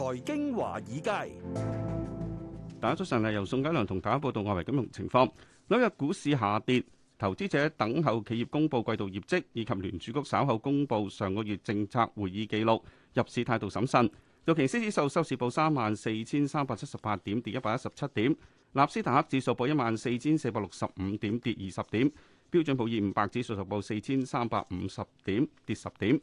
財經華爾街，大家早晨啊！由宋佳良同大家報道外圍金融情況。紐約股市下跌，投資者等候企業公布季度業績，以及聯儲局稍後公布上個月政策會議記錄。入市態度審慎。道瓊斯指數收市報三萬四千三百七十八點，跌一百一十七點。納斯達克指數報一萬四千四百六十五點，跌二十點。標準普爾五百指數收報四千三百五十點，跌十點。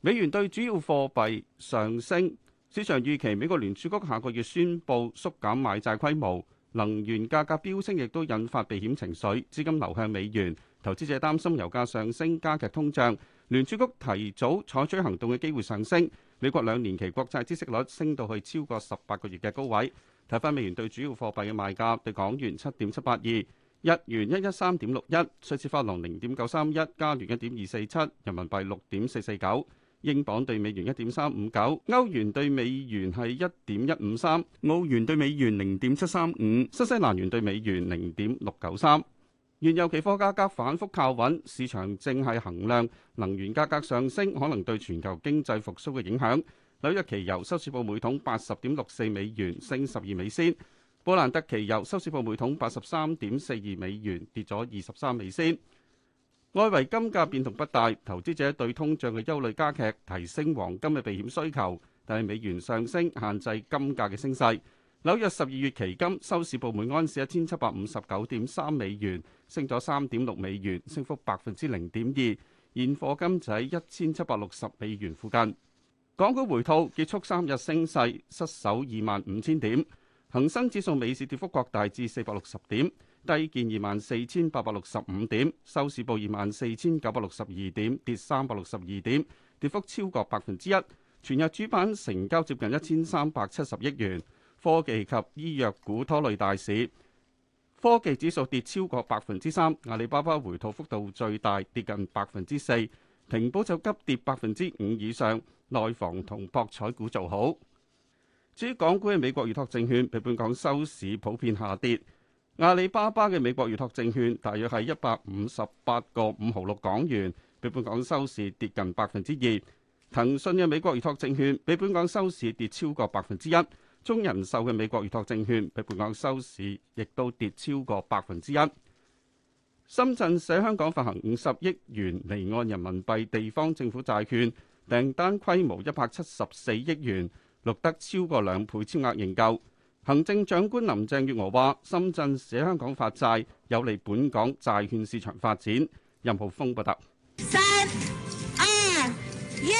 美元兌主要貨幣上升。市場預期美國聯儲局下個月宣布縮減買債規模，能源價格飆升亦都引發避險情緒，資金流向美元，投資者擔心油價上升加劇通脹，聯儲局提早採取行動嘅機會上升。美國兩年期國債孳息率升到去超過十八個月嘅高位。睇翻美元對主要貨幣嘅賣價，對港元七點七八二，日元一一三點六一，瑞士法郎零點九三一，加元一點二四七，人民幣六點四四九。英鎊對美元一點三五九，歐元對美元係一點一五三，澳元對美元零點七三五，新西蘭元對美元零點六九三。原油期貨價格反覆靠穩，市場正係衡量能源價格上升可能對全球經濟復蘇嘅影響。紐約期油收市報每桶八十點六四美元，升十二美仙。布蘭特期油收市報每桶八十三點四二美元，跌咗二十三美仙。外圍金價變動不大，投資者對通脹嘅憂慮加劇，提升黃金嘅避險需求，但係美元上升限制金價嘅升勢。紐約十二月期金收市報每安士一千七百五十九點三美元，升咗三點六美元，升幅百分之零點二。現貨金就喺一千七百六十美元附近。港股回吐，結束三日升勢，失守二萬五千點。恒生指數尾市跌幅擴大至四百六十點。低見二萬四千八百六十五點，收市報二萬四千九百六十二點，跌三百六十二點，跌幅超過百分之一。全日主板成交接近一千三百七十億元，科技及醫藥股拖累大市。科技指數跌超過百分之三，阿里巴巴回吐幅度最大，跌近百分之四。平保就急跌百分之五以上，內房同博彩股做好。至於港股嘅美國預托證券，比本港收市普遍下跌。阿里巴巴嘅美國預託證券大約係一百五十八個五毫六港元，比本港收市跌近百分之二。騰訊嘅美國預託證券比本港收市跌超過百分之一。中人壽嘅美國預託證券比本港收市亦都跌超過百分之一。深圳社香港發行五十億元離岸人民幣地方政府債券，訂單規模一百七十四億元，錄得超過兩倍超額認購。行政長官林鄭月娥話：深圳借香港發債有利本港債券市場發展。任浩峰報道，三二一，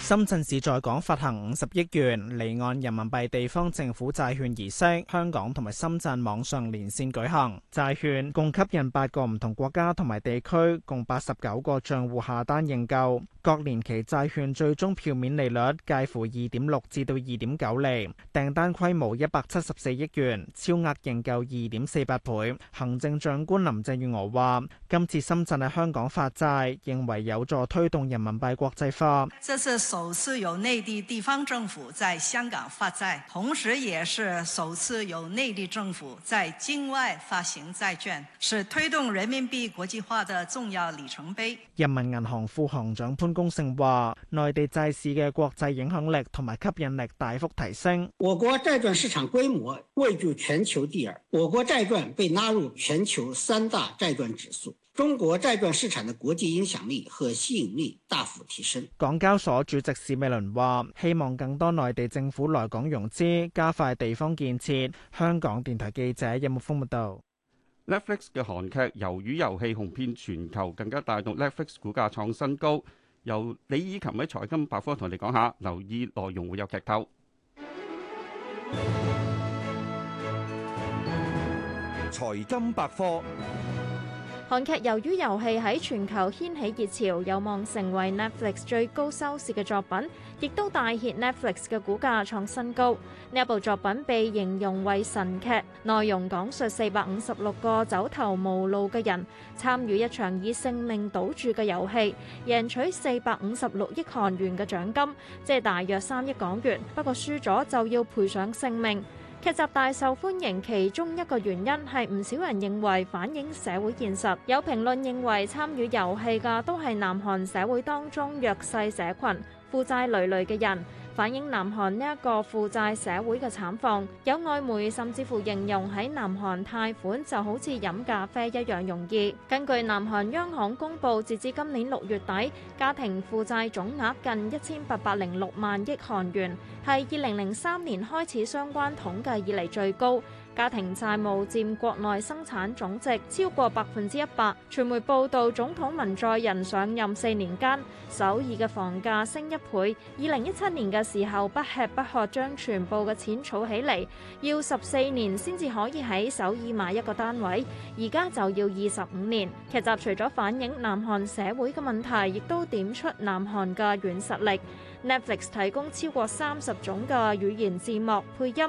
深圳市在港發行五十億元離岸人民幣地方政府債券儀式，香港同埋深圳網上連線舉行，債券共吸引八個唔同國家同埋地區，共八十九個帳戶下單認購。各年期債券最終票面利率介乎二點六至到二點九厘，訂單規模一百七十四億元，超額認購二點四八倍。行政長官林鄭月娥話：今次深圳喺香港發債，認為有助推動人民幣國際化。這是首次由內地地方政府在香港發債，同時也是首次由內地政府在境外發行債券，是推動人民幣國際化的重要里程碑。人民銀行副行長潘公盛話：內地債市嘅國際影響力同埋吸引力大幅提升。我國債券市場規模位居全球第二，我國債券被納入全球三大債券指數，中國債券市場嘅國際影響力和吸引力大幅提升。提升港交所主席史美倫話：希望更多內地政府來港融資，加快地方建設。香港電台記者任木峰報道。Netflix 嘅韓劇《魷魚遊戲》紅遍全球，更加帶動 Netflix 股價創新高。由李以琴喺財金百科同你講下，留意內容會有劇透。財金百科。韓劇魷魚遊戲喺全球掀起熱潮，有望成為 Netflix 最高收視嘅作品，亦都帶挈 Netflix 嘅股價創新高。呢一部作品被形容為神劇，內容講述四百五十六個走投無路嘅人參與一場以性命賭注嘅遊戲，贏取四百五十六億韓元嘅獎金，即係大約三億港元。不過輸咗就要賠上性命。劇集大受歡迎，其中一個原因係唔少人認為反映社會現實。有評論認為，參與遊戲嘅都係南韓社會當中弱勢社群、負債累累嘅人。反映南韓呢一個負債社會嘅慘況，有外媒甚至乎形容喺南韓貸款就好似飲咖啡一樣容易。根據南韓央行公佈，截至今年六月底，家庭負債總額近一千八百零六萬億韓元，係二零零三年開始相關統計以嚟最高。家庭債務佔國內生產總值超過百分之一百。傳媒報導，總統文在寅上任四年間，首爾嘅房價升一倍。二零一七年嘅時候，不吃不喝將全部嘅錢儲起嚟，要十四年先至可以喺首爾買一個單位，而家就要二十五年。劇集除咗反映南韓社會嘅問題，亦都點出南韓嘅軟實力。Netflix 提供超過三十種嘅語言字幕配音。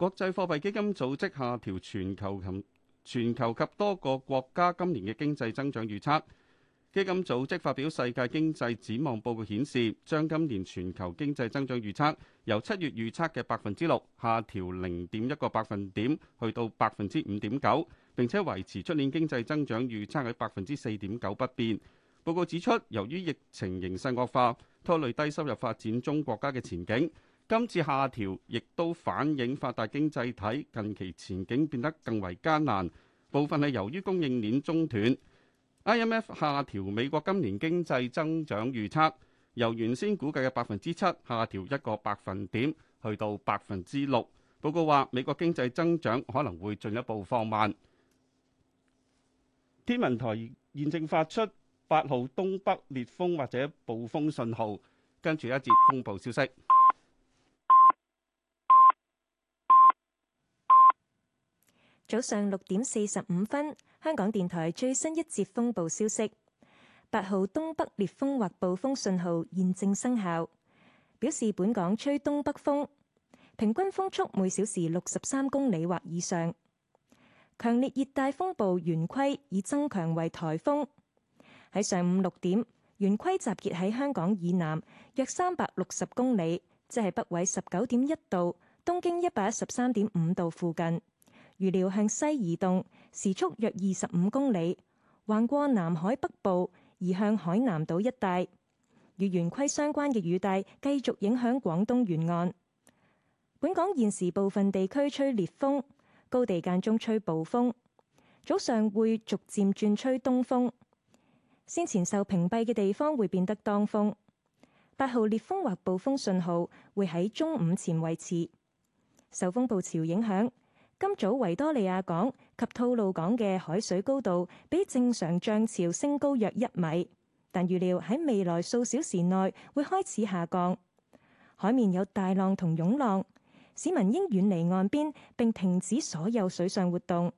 國際貨幣基金組織下調全球及全球及多個國家今年嘅經濟增長預測。基金組織發表世界經濟展望報告顯示，將今年全球經濟增長預測由七月預測嘅百分之六下調零點一個百分點，去到百分之五點九，並且維持出年經濟增長預測喺百分之四點九不變。報告指出，由於疫情形勢惡化，拖累低收入發展中國家嘅前景。今次下調，亦都反映發達經濟體近期前景變得更為艱難。部分係由於供應鏈中斷。IMF 下調美國今年經濟增長預測，由原先估計嘅百分之七下調一個百分點，去到百分之六。報告話美國經濟增長可能會進一步放慢。天文台現正發出八號東北烈風或者暴風信號，跟住一節風暴消息。早上六點四十五分，香港電台最新一節風暴消息：八號東北烈風或暴風信號現正生效，表示本港吹東北風，平均風速每小時六十三公里或以上。強烈熱帶風暴圓規已增強為颱風。喺上午六點，圓規集結喺香港以南約三百六十公里，即係北緯十九點一度、東經一百一十三點五度附近。預料向西移動，時速約二十五公里，橫過南海北部，移向海南島一帶。與圓規相關嘅雨帶繼續影響廣東沿岸。本港現時部分地區吹烈風，高地間中吹暴風，早上會逐漸轉吹東風。先前受屏蔽嘅地方會變得當風。八號烈風或暴風信號會喺中午前維持。受風暴潮影響，今早維多利亞港及吐露港嘅海水高度比正常漲潮升高約一米，但預料喺未來數小時內會開始下降。海面有大浪同湧浪，市民應遠離岸邊，並停止所有水上活動。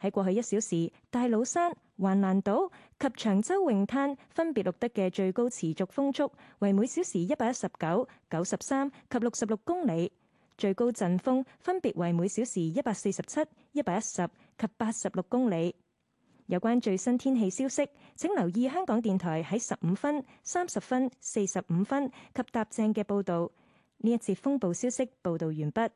喺過去一小時，大老山、橫瀾島及長洲泳灘分別錄得嘅最高持續風速為每小時一百一十九、九十三及六十六公里。最高陣風分別為每小時一百四十七、一百一十及八十六公里。有關最新天氣消息，請留意香港電台喺十五分、三十分、四十五分及搭正嘅報道。呢一節風暴消息報道完畢。